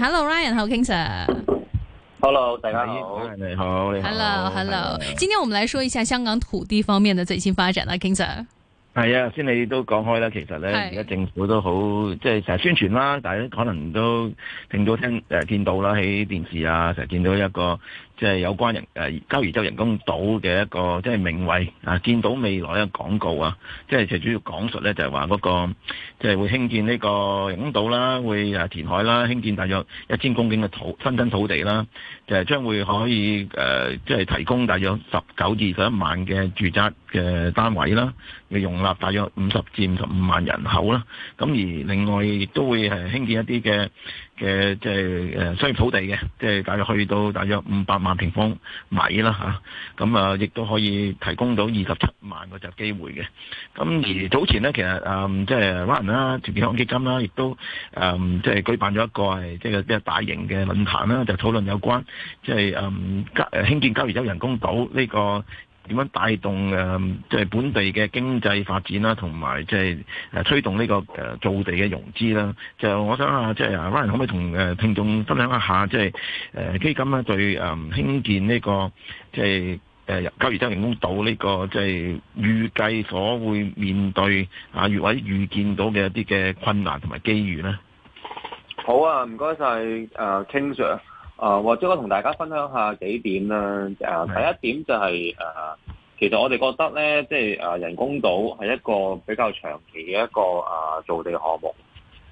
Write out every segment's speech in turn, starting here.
Hello Ryan，Hello King Sir，Hello 大家好，Hi，好，你好，你好，Hello Hello，今天我們來說一下香港土地方面的最新發展啦 King Sir。係啊，先你都講開啦，其實咧而家政府都好，即係成日宣傳啦，但係可能都聽到聽誒、呃、見到啦，喺電視啊成日見到一個。即、就、係、是、有關人誒交椅洲人工島嘅一個即係、就是、名為，啊，見到未來嘅廣告啊，即、就、係、是、主要講述咧就係話嗰個即係、就是、會興建呢個人工島啦，會誒填海啦，興建大約一千公頃嘅土新增土地啦，就係、是、將會可以誒即係提供大約十九至十一萬嘅住宅嘅單位啦，會容納大約五十至五十五萬人口啦。咁而另外亦都會係興建一啲嘅。嘅即係誒、呃、商業土地嘅，即係大約去到大約五百萬平方米啦嚇，咁啊亦、啊啊、都可以提供到二十七萬個集機會嘅。咁、啊、而早前咧，其實誒、呃、即係 Ryan 啦、團結香港基金啦，亦、啊、都誒、呃、即係舉辦咗一個係即係比較大型嘅論壇啦、啊，就討論有關即係誒興建交椅洲人工島呢、這個，點樣帶動誒，即係本地嘅經濟發展啦，同埋即係誒推動呢個誒造地嘅融資啦。就我想啊，即係阿 r 可唔可以同誒聽眾分享一下，即係誒基金咧對誒興建呢、這個即係誒交易洲人工島呢個即係、就是、預計所會面對啊，越位預見到嘅一啲嘅困難同埋機遇咧？好啊，唔該曬誒，經常。啊，或者我同大家分享下幾點啦。啊，第一點就係、是、啊，其實我哋覺得咧，即係啊人工島係一個比較長期嘅一個啊造地項目。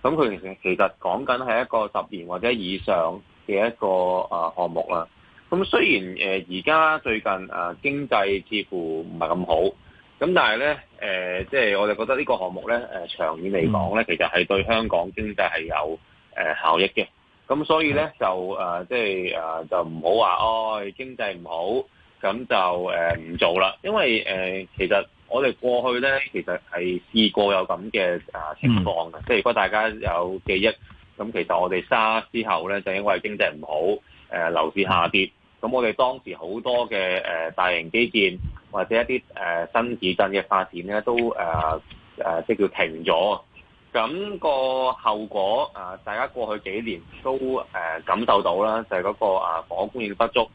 咁佢其實講緊係一個十年或者以上嘅一個啊項目啦。咁雖然誒而家最近啊經濟似乎唔係咁好，咁但係咧誒，即、呃、係、就是、我哋覺得呢個項目咧誒長遠嚟講咧，其實係對香港經濟係有誒效益嘅。咁所以咧就誒即係誒就唔好話哦經濟唔好咁就唔、呃、做啦，因為誒、呃、其實我哋過去咧其實係試過有咁嘅情況嘅，即、嗯、係如果大家有記憶，咁其實我哋沙之後咧就因為經濟唔好，誒、呃、樓市下跌，咁我哋當時好多嘅、呃、大型基建或者一啲、呃、新市鎮嘅發展咧都誒即叫停咗。咁個後果啊，大家過去幾年都誒感受到啦，就係嗰個啊房屋供應不足，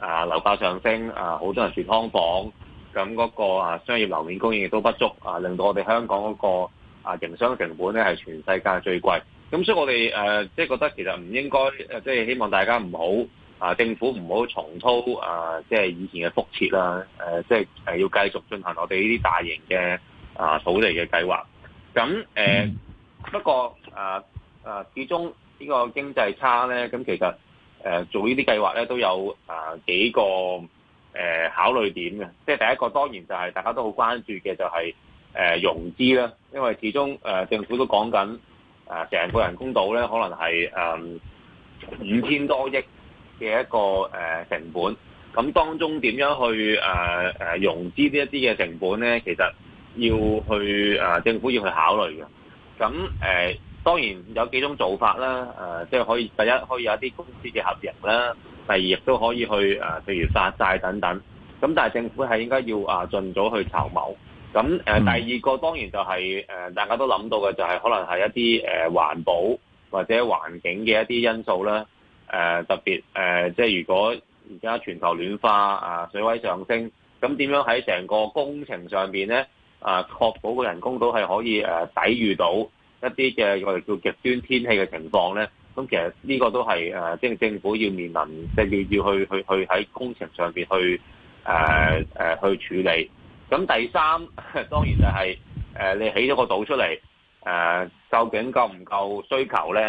啊樓價上升，啊好多人住劏房，咁嗰個啊商業樓面供應亦都不足，啊令到我哋香港嗰個啊營商成本咧係全世界最貴。咁所以我哋誒即係覺得其實唔應該，誒即係希望大家唔好啊政府唔好重蹈啊即係以前嘅覆轍啦。誒即係誒要繼續進行我哋呢啲大型嘅啊土地嘅計劃。咁誒、呃、不過誒誒、啊啊，始終呢個經濟差咧，咁其實誒、啊、做呢啲計劃咧都有誒、啊、幾個誒、啊、考慮點嘅。即係第一個當然就係、是、大家都好關注嘅、就是，就係誒融資啦。因為始終誒、啊、政府都講緊誒成、啊、個人工島咧，可能係誒、啊、五千多億嘅一個誒、啊、成本。咁當中點樣去誒、啊啊、融資呢一啲嘅成本咧？其實要去政府要去考慮嘅，咁誒、呃、當然有幾種做法啦，誒、呃、即係可以第一可以有一啲公司嘅合營啦，第二亦都可以去誒、呃，譬如發債等等。咁但係政府係應該要啊盡早去籌謀。咁、呃、第二個當然就係、誒呃、大家都諗到嘅，就係可能係一啲誒、呃、環保或者環境嘅一啲因素啦、呃。特別誒、呃、即係如果而家全球暖化啊，水位上升，咁點樣喺成個工程上面咧？啊！確保個人工島係可以誒抵禦到一啲嘅我哋叫做極端天氣嘅情況咧，咁其實呢個都係誒，即係政府要面臨，即係要要去去去喺工程上邊去誒誒去處理。咁第三當然就係誒你起咗個島出嚟，誒究竟夠唔夠需求咧？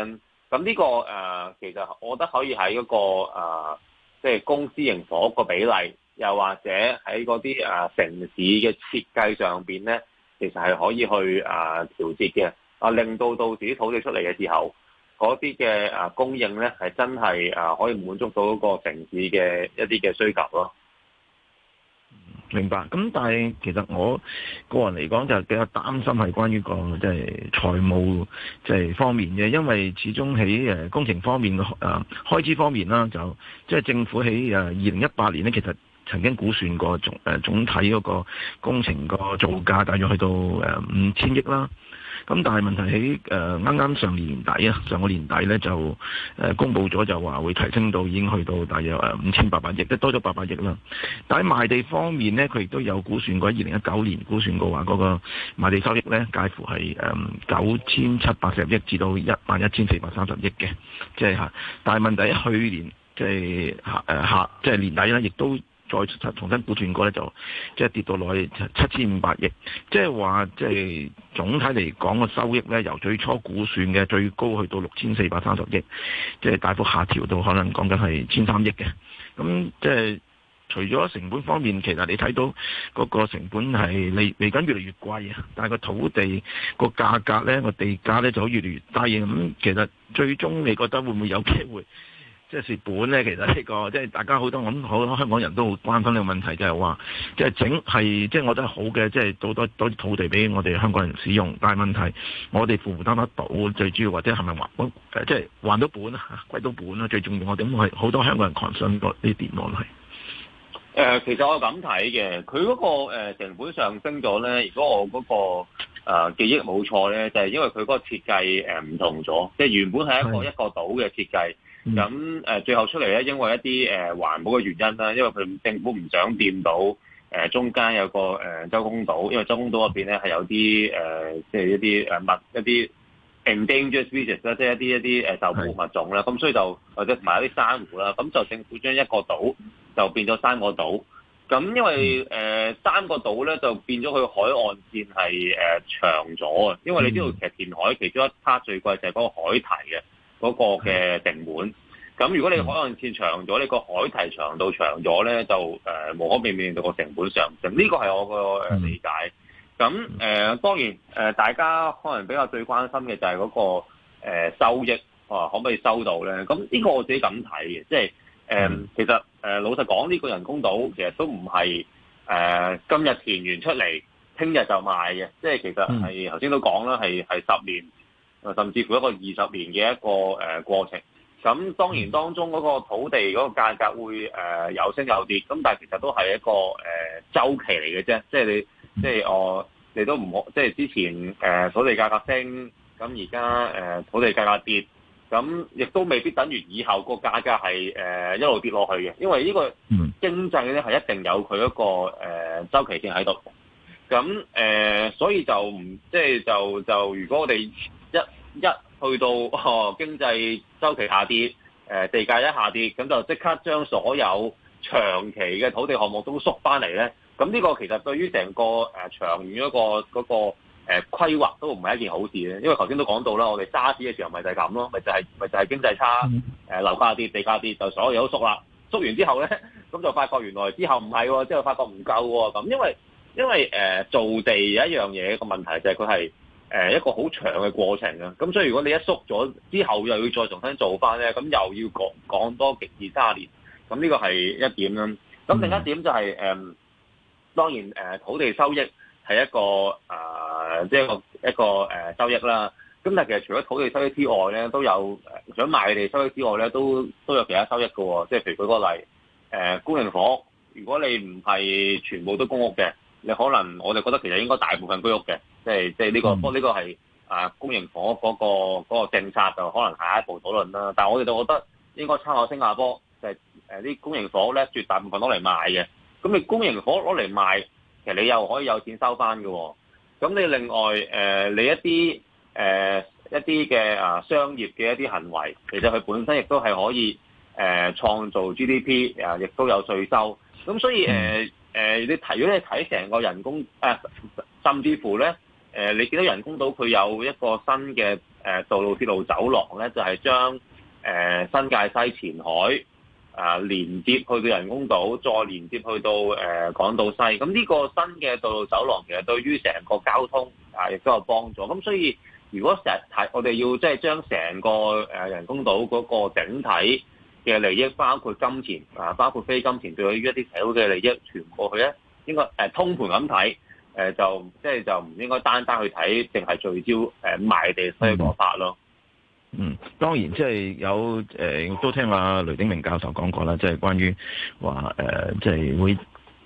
咁呢個誒其實我覺得可以喺一個即係公私營房個比例。又或者喺嗰啲誒城市嘅設計上邊呢，其實係可以去誒、啊、調節嘅，啊，令到到時土地出嚟嘅時候，嗰啲嘅誒供應呢，係真係誒可以滿足到一個城市嘅一啲嘅需求咯、啊。明白。咁但係其實我個人嚟講就比較擔心係關於個即係財務即係方面嘅，因為始終喺誒工程方面嘅誒、啊、開支方面啦，就即、是、係政府喺誒二零一八年呢，其實曾經估算過總誒總體嗰個工程個造價大約去到誒五千億啦，咁但係問題喺誒啱啱上年底啊，上個年底咧就誒公佈咗就話會提升到已經去到大約誒五千八百億，即多咗八百億啦。但喺賣地方面咧，佢亦都有估算過，二零一九年估算過話嗰個賣地收益咧介乎係誒九千七百四十億至到一萬一千四百三十億嘅，即係嚇。但係問題喺去年即係下誒下即係年底咧，亦都。再重新估算過咧，就即係跌到落去七千五百億，即係話即係總體嚟講個收益咧，由最初估算嘅最高去到六千四百三十億，即係大幅下調到可能講緊係千三億嘅。咁即係除咗成本方面，其實你睇到嗰個成本係嚟嚟緊越嚟越貴啊，但係個土地個價格咧個地價咧就越嚟越低。咁其實最終你覺得會唔會有機會？即係蝕本咧，其實呢個即係大家好多，我諗好多香港人都好關心呢個問題，就係話即係整係即係我覺得好嘅，即係多多多啲土地俾我哋香港人使用。但係問題，我哋負唔負擔得到？最主要或者係咪還即係還到本啊？歸到本啊？最重要我點去好多香港人關心個呢點問題？誒、呃，其實我咁睇嘅，佢嗰個、呃、成本上升咗咧。如果我嗰個誒、呃、記憶冇錯咧，就係因為佢嗰個設計呃唔同咗，即係原本係一個是的一個島嘅設計。咁誒最後出嚟咧，因為一啲誒環保嘅原因啦，因為佢政府唔想掂到誒中間有個誒周公島，因為周公島入邊咧係有啲誒，即、呃、係一啲誒物，一啲 endangered species 啦，即係一啲一啲誒受保物種咧。咁所以就或者埋一啲珊瑚啦。咁就政府將一個島就變咗三個島。咁因為誒、呃、三個島咧就變咗佢海岸線係誒長咗啊。因為你知道其實填海其中一 part 最貴就係嗰個海堤嘅。嗰、那個嘅成本，咁如果你海岸線長咗，你個海堤長度長咗呢，就誒、呃、無可避免到個成本上升。呢個係我個理解。咁誒、呃、當然、呃、大家可能比較最關心嘅就係嗰、那個、呃、收益啊，可唔可以收到呢？咁呢個我自己咁睇嘅，即係、呃、其實、呃、老實講，呢、這個人工島其實都唔係、呃、今日填完出嚟，聽日就賣嘅。即係其實係頭先都講啦，係係十年。甚至乎一個二十年嘅一個誒過程。咁當然當中嗰個土地嗰個價格會誒有、呃、升有跌，咁但係其實都係一個誒週、呃、期嚟嘅啫。即係你，即係我，你都唔好，即係之前誒、呃、土地價格升，咁而家誒土地價格跌，咁亦都未必等於以後個價格係誒、呃、一路跌落去嘅。因為呢個經濟咧係一定有佢一個誒週、呃、期性喺度。咁誒、呃，所以就唔即係就就如果我哋。一一去到哦，經濟週期下跌，呃、地價一下跌，咁就即刻將所有長期嘅土地項目都縮翻嚟咧。咁呢個其實對於成個誒、呃、長遠一、那個嗰、那個誒、呃、規劃都唔係一件好事咧。因為頭先都講到啦，我哋揸市嘅時候咪就係咁咯，咪就係、是、咪就係、是、經濟差，誒樓價跌、地價跌，就所有都縮啦。縮完之後咧，咁就發覺原來之後唔係、哦，之後發覺唔夠喎、哦。咁因為因為誒造、呃、地有一樣嘢個問題就係佢係。誒一個好長嘅過程啊，咁所以如果你一縮咗之後又要再重新做翻咧，咁又要講講多幾二三年，咁呢個係一點啦。咁另一點就係、是、誒、嗯嗯，當然誒土地收益係一個啊，即、呃、係、就是、一個一個誒、呃、收益啦。咁但係其實除咗土地收益之外咧，都有、呃、想賣地收益之外咧，都都有其他收益嘅喎、哦。即係譬如舉個例，誒公營房屋，如果你唔係全部都公屋嘅。你可能我哋覺得其實應該大部分居屋嘅，即係即係呢個，不過、這、呢個係啊公營房屋嗰個嗰、嗰個政策就可能下一步討論啦。但係我哋就覺得應該參考新加坡，就係誒啲公營房屋咧絕大部分攞嚟賣嘅。咁你公營房屋攞嚟賣，其實你又可以有錢收翻嘅、哦。咁你另外誒、呃、你一啲誒、呃、一啲嘅啊商業嘅一啲行為，其實佢本身亦都係可以誒、呃、創造 GDP 亦、呃、都有稅收。咁所以誒。嗯誒你睇咗，你睇成個人工誒、呃，甚至乎咧誒、呃，你見到人工島，佢有一個新嘅誒道路鐵路走廊咧，就係將誒新界西前海啊、呃、連接去到人工島，再連接去到誒、呃、港島西。咁呢個新嘅道路走廊其實對於成個交通啊亦都有幫助。咁所以如果成日睇，我哋要即係將成個誒人工島嗰個整體。嘅利益包括金錢啊，包括非金錢，對於一啲社會嘅利益傳過去咧，應該誒通盤咁睇，誒就即係就唔應該單單去睇淨係聚焦誒賣地收益法咯。嗯，當然即係有誒，都聽阿雷鼎鳴教授講過啦，即係關於話誒，即係會。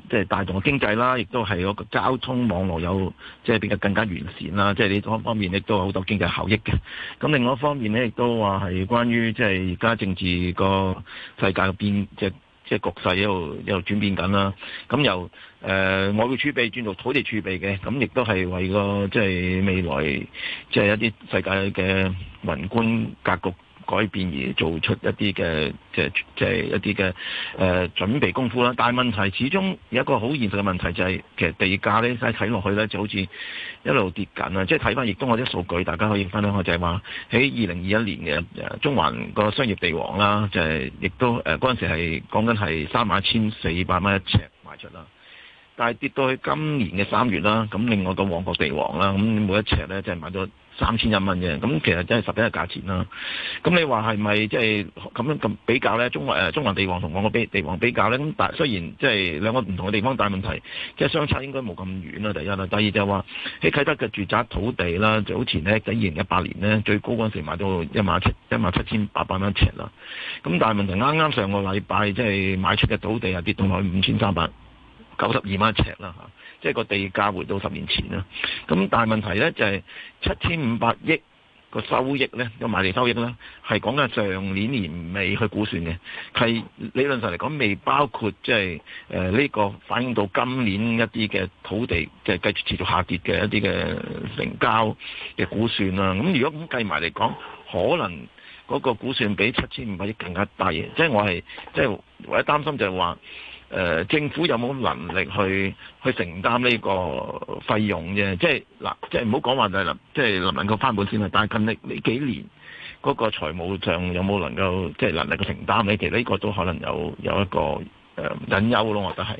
即、就、係、是、帶動個經濟啦，亦都係嗰交通網絡有即係、就是、變得更加完善啦。即係呢方方面，亦都有好多經濟效益嘅。咁另外一方面咧，亦都話係關於即係而家政治個世界嘅變，即係即係局勢一路一路轉變緊啦。咁由誒，外、呃、匯儲備轉做土地儲備嘅，咁亦都係為個即係未來即係一啲世界嘅宏觀格局改變而做出一啲嘅即係即係一啲嘅誒準備功夫啦，但係問題始終有一個好現實嘅問題就係、是、其實地價呢，真係睇落去呢就好似一路跌緊啊！即係睇返，亦都有啲數據大家可以分享下，就係話喺二零二一年嘅中環個商業地王啦，就係、是、亦都誒嗰陣時係講緊係三萬一千四百蚊一尺賣出啦。但係跌到去今年嘅三月啦，咁另外個旺角地王啦，咁每一尺咧即係買咗三千一蚊嘅，咁其實真係十一個價錢啦。咁你話係咪即係咁樣咁比較咧？中環誒，中環地王同旺角地地王比較咧，咁但雖然即係兩個唔同嘅地方，但係問題即係相差應該冇咁遠啦。第一啦，第二就係話喺啟德嘅住宅土地啦，就好似咧喺二零一八年咧最高嗰陣時買到一萬七一萬七千八百蚊尺啦。咁但係問題啱啱上個禮拜即係買出嘅土地啊，跌到去五千三百九十二蚊一尺啦，嚇！即係個地價回到十年前啦。咁但係問題呢，就係七千五百億個收益呢，個賣地收益啦，係講緊上年年尾去估算嘅，係理論上嚟講未包括即係誒呢個反映到今年一啲嘅土地嘅繼、就是、續持續下跌嘅一啲嘅成交嘅估算啦。咁如果咁計埋嚟講，可能嗰個估算比七千五百億更加低嘅。即、就、係、是、我係即係我一擔心就係話。誒、呃、政府有冇能力去去承擔呢個費用啫？即係嗱，即係唔好講話就係、是、即能唔能夠翻本先啦。但係近呢呢幾年嗰、那個財務上有冇能夠即係能力去承擔呢？你其實呢個都可能有有一個誒隱憂咯，我覺得係。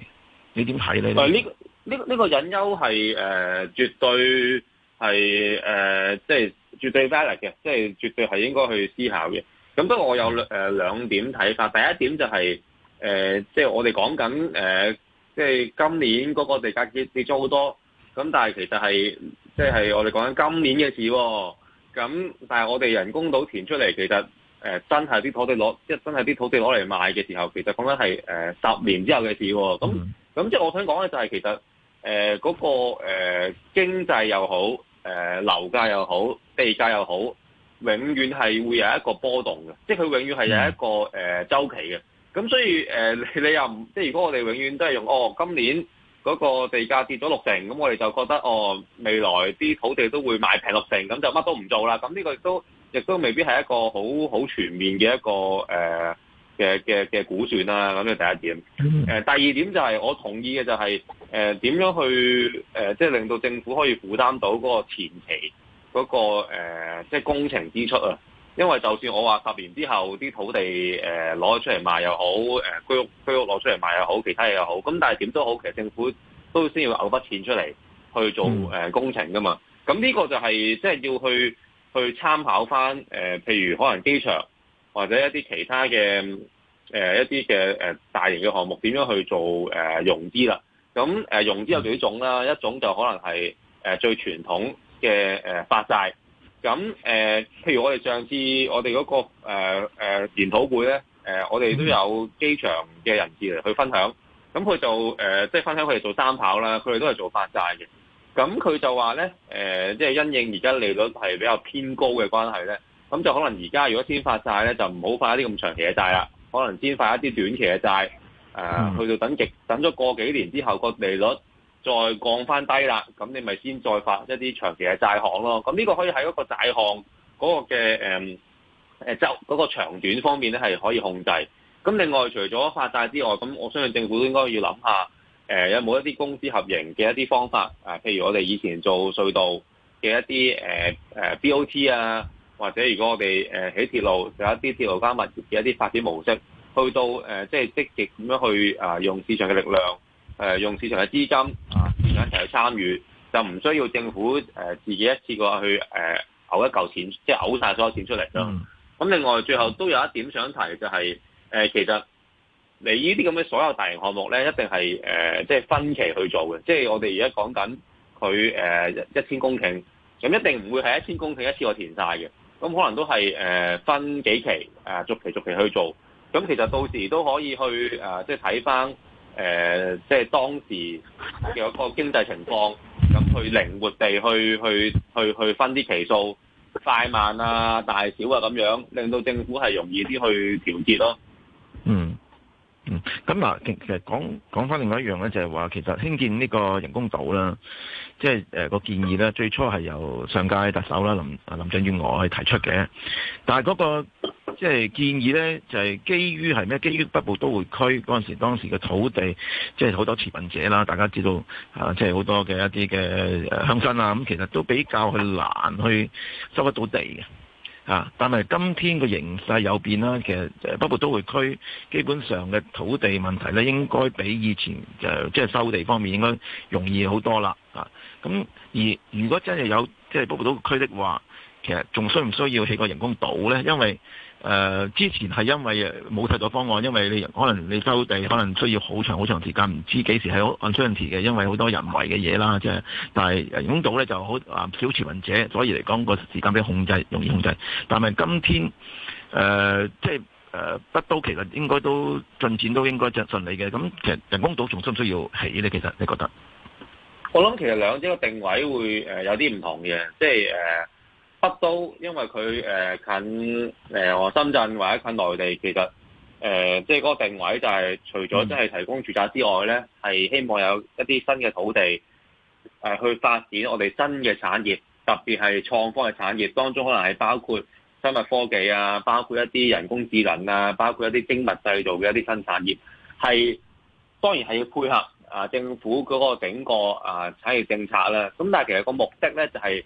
你點睇咧？呢、呃這個呢、這個呢、這個隱憂係誒絕對係、呃、即係絕對 valid 嘅，即係絕對係應該去思考嘅。咁不過我有兩誒兩點睇法。第一點就係、是。誒、呃，即係我哋講緊誒，即係今年嗰個地價跌跌咗好多。咁但係其實係，即係我哋講緊今年嘅事、哦。咁但係我哋人工島填出嚟，其實、呃、真係啲土地攞即係真係啲土地攞嚟賣嘅時候，其實講緊係十年之後嘅事、哦。咁咁即係我想講嘅就係其實誒嗰、呃嗰個誒、呃、經濟又好，誒、呃、樓價又好，地價又好，永遠係會有一個波動嘅，即係佢永遠係有一個誒、呃、週期嘅。咁所以誒、呃，你又唔即係如果我哋永遠都係用哦，今年嗰個地價跌咗六成，咁我哋就覺得哦，未來啲土地都會賣平六成，咁就乜都唔做啦。咁呢個亦都亦都未必係一個好好全面嘅一個誒嘅嘅嘅估算啦。咁啊第一點，誒、呃、第二點就係我同意嘅就係誒點樣去誒即係令到政府可以負擔到嗰個前期嗰、那個誒，即、呃、係、就是、工程支出啊。因為就算我話十年之後啲土地誒攞出嚟賣又好，誒居屋居屋攞出嚟賣又好，其他嘢又好，咁但係點都好，其實政府都先要嘔筆錢出嚟去做工程㗎嘛。咁、嗯、呢個就係即係要去去參考翻誒、呃，譬如可能機場或者一啲其他嘅誒、呃、一啲嘅大型嘅項目點樣去做誒、呃、融資啦。咁、呃、融資有幾種啦，一種就可能係誒最傳統嘅誒發債。咁誒、呃，譬如我哋上次我哋嗰、那個誒誒、呃呃、研討會咧，誒、呃、我哋都有機場嘅人士嚟去分享，咁佢就誒即係分享佢哋做三跑啦，佢哋都係做發債嘅，咁佢就話咧即係因應而家利率係比較偏高嘅關係咧，咁就可能而家如果先發債咧，就唔好發一啲咁長期嘅債啦，可能先發一啲短期嘅債，誒、呃、去到等極等咗過幾年之後個利率，再降翻低啦，咁你咪先再發一啲長期嘅債項咯。咁呢個可以喺一個債項嗰個嘅誒誒週嗰個長短方面咧，係可以控制。咁另外除咗發債之外，咁我相信政府都應該要諗下誒有冇一啲公私合營嘅一啲方法啊，譬如我哋以前做隧道嘅一啲 BOT 啊，或者如果我哋起鐵路有一啲鐵路加物業嘅一啲發展模式，去到即係、就是、積極咁樣去用市場嘅力量，用市場嘅資金。誒參與就唔需要政府誒、呃、自己一次過去誒嘔、呃、一嚿錢，即係嘔晒所有錢出嚟咯。咁、mm. 另外最後都有一點想提就係、是、誒、呃，其實你呢啲咁嘅所有大型項目咧，一定係誒、呃、即係分期去做嘅。即係我哋而家講緊佢誒一千公頃，咁一定唔會係一千公頃一次過填晒嘅。咁可能都係誒、呃、分幾期誒，逐、呃、期逐期去做。咁其實到時都可以去誒、呃，即係睇翻。誒、呃，即係當時有個經濟情況，咁去靈活地去去去去分啲期數，快慢啊、大小啊咁樣，令到政府係容易啲去調節咯。嗯，嗯，咁嗱，其其實講講翻另外一樣咧，就係、是、話其實興建個呢個人工島啦，即係誒個建議咧，最初係由上屆特首啦林啊林鄭月娥去提出嘅，但係嗰、那個。即係建議呢就係、係、基於係咩？基於北部都會區嗰陣時，當時嘅土地即係好多持份者啦。大家知道啊，即係好多嘅一啲嘅鄉紳啦。咁、嗯、其實都比較去難去收得到地嘅啊。但係今天個形勢有變啦，其實北部都會區基本上嘅土地問題呢，應該比以前、啊、就即、係、係收地方面應該容易好多啦。啊，咁、啊、而如果真係有即係北部都會區的話，其實仲需唔需要起個人工島呢？因為誒、呃、之前係因為冇睇到方案，因為你可能你收地可能需要好長好長時間，唔知幾時係好按相提嘅，因為好多人為嘅嘢啦，即、就、係、是、但係人工島咧就好啊，少受制於人，所以嚟講個時間俾控制容易控制。但係今天誒即係誒北都其實應該都進展都應該即係順利嘅。咁其實人工島仲需唔需要起呢？其實你覺得？我諗其實兩者個定位會有啲唔同嘅，即係誒。呃都因為佢誒近誒深圳或者近內地，其實誒即係嗰個定位就係除咗即係提供住宅之外咧，係希望有一啲新嘅土地誒去發展我哋新嘅產業，特別係創科嘅產業當中，可能係包括生物科技啊，包括一啲人工智能啊，包括一啲精密製造嘅一啲新產業，係當然係要配合啊政府嗰個整個啊產業政策啦。咁但係其實個目的咧就係、是。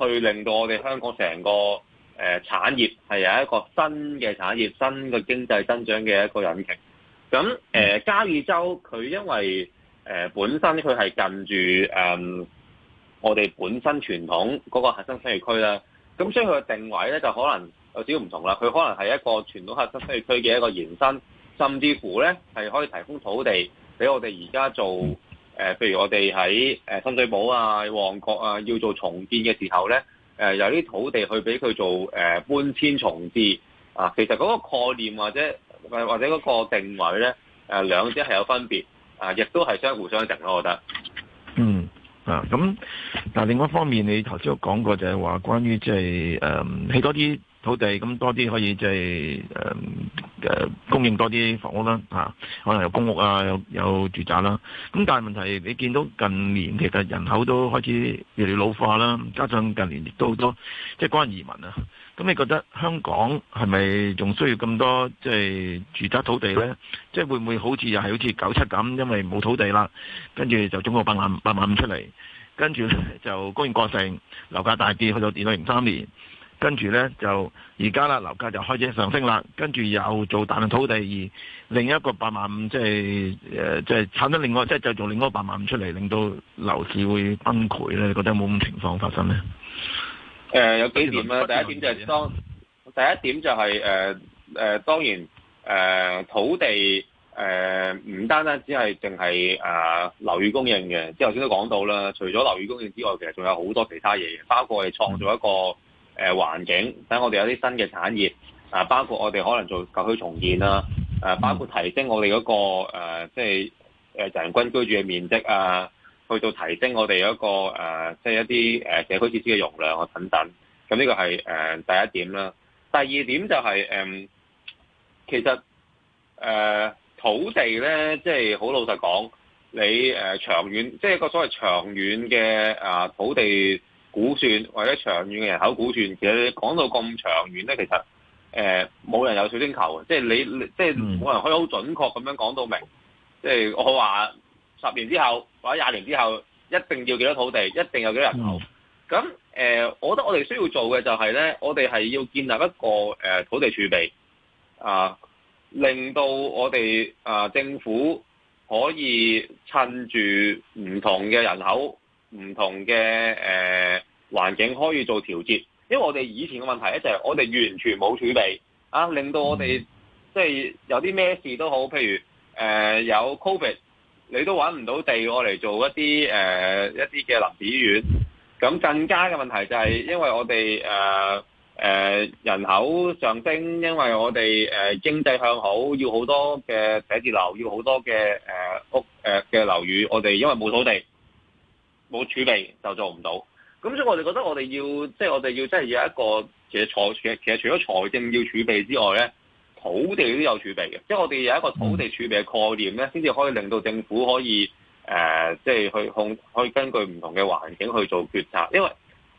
去令到我哋香港成個誒產業係有一個新嘅產業、新嘅經濟增長嘅一個引擎。咁誒、呃，交椅洲佢因為、呃、本身佢係近住、嗯、我哋本身傳統嗰個核心商業區啦，咁所以佢嘅定位咧就可能有少少唔同啦。佢可能係一個傳統核心商業區嘅一個延伸，甚至乎咧係可以提供土地俾我哋而家做。誒，譬如我哋喺誒深水埗啊、旺角啊，要做重建嘅時候咧，誒有啲土地去俾佢做誒、呃、搬遷重置啊，其實嗰個概念或者或者嗰個定位咧，誒、啊、兩者係有分別啊，亦都係相互相成咯，我覺得。嗯啊，咁嗱，但另外一方面，你頭先講過就係話關於即係誒起多啲。土地咁多啲可以即係誒供應多啲房屋啦、啊、可能有公屋啊，有有住宅啦。咁、啊、但係問題你見到近年其實人口都開始越嚟越老化啦，加上近年亦都好多即係關於移民啊。咁你覺得香港係咪仲需要咁多即係、就是、住宅土地咧？即、就、係、是、會唔會好似又係好似九七咁，因為冇土地啦，跟住就總共八萬八萬五出嚟，跟住咧就供應過剩，樓價大跌去到跌到零三年。跟住咧就而家啦，樓價就開始上升啦。跟住又做大量土地，而另一個八萬五，即係誒，即、呃、係、就是、產生另外即係就是、做另外八萬五出嚟，令到樓市會崩潰咧。你覺得有冇咁情況發生呢？誒、呃、有幾點啊，第一點就係、是、當第一點就係、是、誒、呃呃、當然誒、呃、土地誒唔、呃、單單只係淨係啊樓宇供應嘅，即係頭先都講到啦。除咗樓宇供應之外，其實仲有好多其他嘢，包括係創造一個。嗯誒環境，等我哋有啲新嘅產業，啊，包括我哋可能做舊區重建啦、啊，誒、啊，包括提升我哋嗰、那個即係誒人均居住嘅面積啊，去到提升我哋嗰、那個誒，即、啊、係、就是、一啲誒社區設施嘅容量啊等等。咁呢個係誒、啊、第一點啦。第二點就係、是、誒、嗯，其實誒、啊、土地咧，即係好老實講，你誒、啊、長遠，即、就、係、是、一個所謂長遠嘅啊土地。估算或者長遠嘅人口估算，其實你講到咁長遠咧，其實誒冇、呃、人有水晶球即係你，你即係冇人可以好準確咁樣講到明。即係我話十年之後或者廿年之後一定要幾多土地，一定有幾多人口。咁、嗯、誒、呃、我覺得我哋需要做嘅就係咧，我哋係要建立一個誒、呃、土地儲備啊、呃，令到我哋誒、呃、政府可以趁住唔同嘅人口。唔同嘅誒、呃、環境可以做調節，因為我哋以前嘅問題咧就係我哋完全冇儲備啊，令到我哋即係有啲咩事都好，譬如誒、呃、有 COVID，你都揾唔到地我嚟做一啲誒、呃、一啲嘅臨時醫院。咁更加嘅問題就係因為我哋誒、呃呃、人口上升，因為我哋誒、呃、經濟向好，要好多嘅寫字樓，要好多嘅誒、呃、屋嘅、呃、樓宇，我哋因為冇土地，冇儲備就做唔到，咁所以我哋覺得我哋要，即係我哋要，即係要一個其實財，其其實除咗財政要儲備之外咧，土地都有儲備嘅，即係我哋有一個土地儲備嘅概念咧，先至可以令到政府可以誒，即係去控，可以根據唔同嘅環境去做決策。因為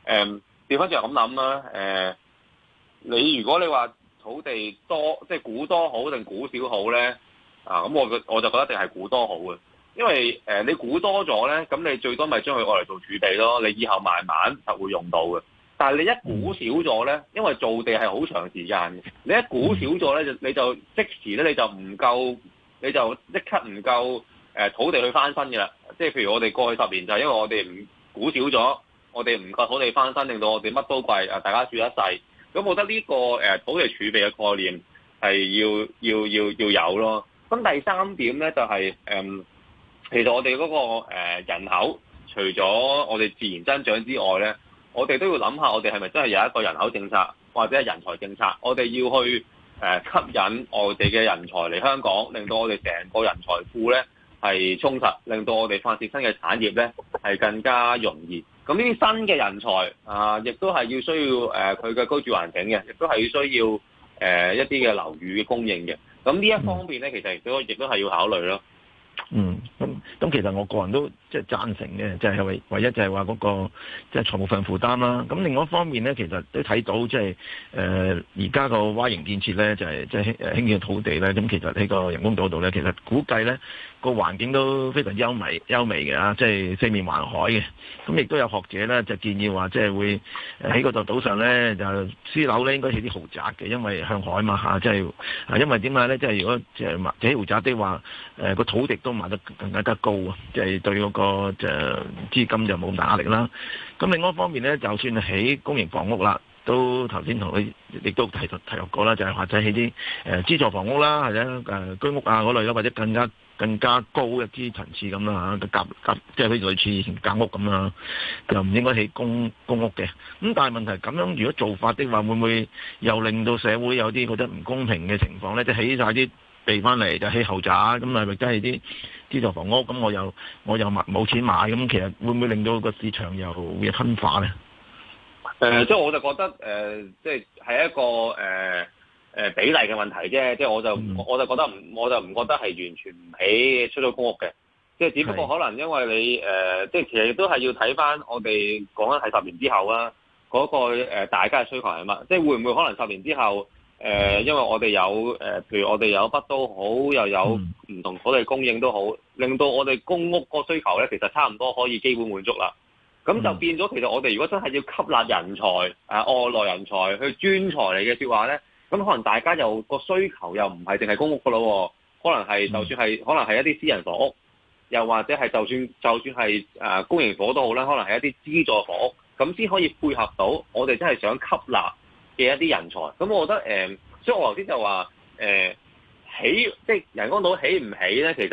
誒，調翻轉就咁諗啦，誒，你如果你話土地多，即係估多好定估少好咧？啊，咁我我就覺得一定係估多好嘅。因為誒，你估多咗咧，咁你最多咪將佢攞嚟做儲備咯。你以後慢慢就會用到嘅。但係你一估少咗咧，因為造地係好長時間。你一估少咗咧，你就即時咧，你就唔夠，你就即刻唔夠土地去翻身嘅啦。即係譬如我哋過去十年就係因為我哋唔估少咗，我哋唔夠土地翻身，令到我哋乜都貴啊，大家住一世咁。咁我覺得呢個誒土地儲備嘅概念係要要要要有咯。咁第三點咧就係誒。其實我哋嗰個誒人口，除咗我哋自然增長之外咧，我哋都要諗下，我哋係咪真係有一個人口政策，或者係人才政策？我哋要去誒吸引外地嘅人才嚟香港，令到我哋成個人才庫咧係充實，令到我哋發展新嘅產業咧係更加容易。咁呢啲新嘅人才啊，亦都係要需要誒佢嘅居住環境嘅，亦都係需要誒、啊、一啲嘅樓宇嘅供應嘅。咁呢一方面咧，其實亦都亦都係要考慮咯。嗯。咁其實我個人都即係贊成嘅，即係為唯一就係話嗰個即係財務上負擔啦。咁另外一方面咧，其實都睇到即係誒而家個蛙型建設咧，就係即係興建嘅土地咧。咁其實喺個人工島度咧，其實估計咧個環境都非常優美優美嘅啊，即係四面環海嘅。咁亦都有學者咧就建議話，即係會喺嗰座島上咧就私樓咧應該起啲豪宅嘅，因為向海嘛嚇，即係啊，因為點解咧？即係如果即係買起豪宅的話，誒個土地都賣得更加得高啊，即係對嗰個就資金就冇咁大壓力啦。咁另外一方面呢，就算起公營房屋啦，都頭先同你亦都提提過啦，就係話仔起啲誒資助房屋啦，或者誒居屋啊嗰類啦，或者更加更加高一啲層次咁啦吓，夾夾即係譬如類似以前夾屋咁啦，就唔應該起公公屋嘅。咁但係問題咁樣如果做法的話，會唔會又令到社會有啲覺得唔公平嘅情況呢？即係起晒啲。嚟翻嚟就起豪宅，咁啊，咪者係啲啲資助房屋，咁我又我又冇錢買，咁其實會唔會令到個市場又會分化咧？誒、呃，即係我就覺得誒、呃，即係係一個誒誒、呃呃、比例嘅問題啫。即係我就我就覺得唔，我就唔覺得係完全唔起出咗公屋嘅。即係只不過可能因為你誒、呃，即係其實亦都係要睇翻我哋講緊係十年之後啊，嗰、那個大家嘅需求係乜？即係會唔會可能十年之後？誒、呃，因為我哋有誒、呃，譬如我哋有北都好，又有唔同土地供應都好，令到我哋公屋個需求呢，其實差唔多可以基本滿足啦。咁就變咗，其實我哋如果真係要吸納人才，誒外來人才去專才嚟嘅説話呢，咁可能大家又個需求又唔係淨係公屋噶咯、哦，可能係就算係可能係一啲私人房屋，又或者係就算就算係、呃、公營房都好啦，可能係一啲資助房屋，咁先可以配合到我哋真係想吸納。嘅一啲人才，咁我覺得誒、呃，所以我頭先就話誒、呃、起，即係人工島起唔起咧，其實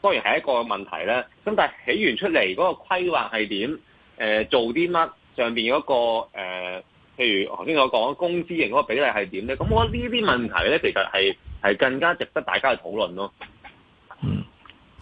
當然係一個問題咧。咁但係起完出嚟嗰個規劃係點、呃？做啲乜？上面嗰、那個誒、呃，譬如頭先我講工資型嗰個比例係點咧？咁我覺得呢啲問題咧，其實係係更加值得大家去討論咯。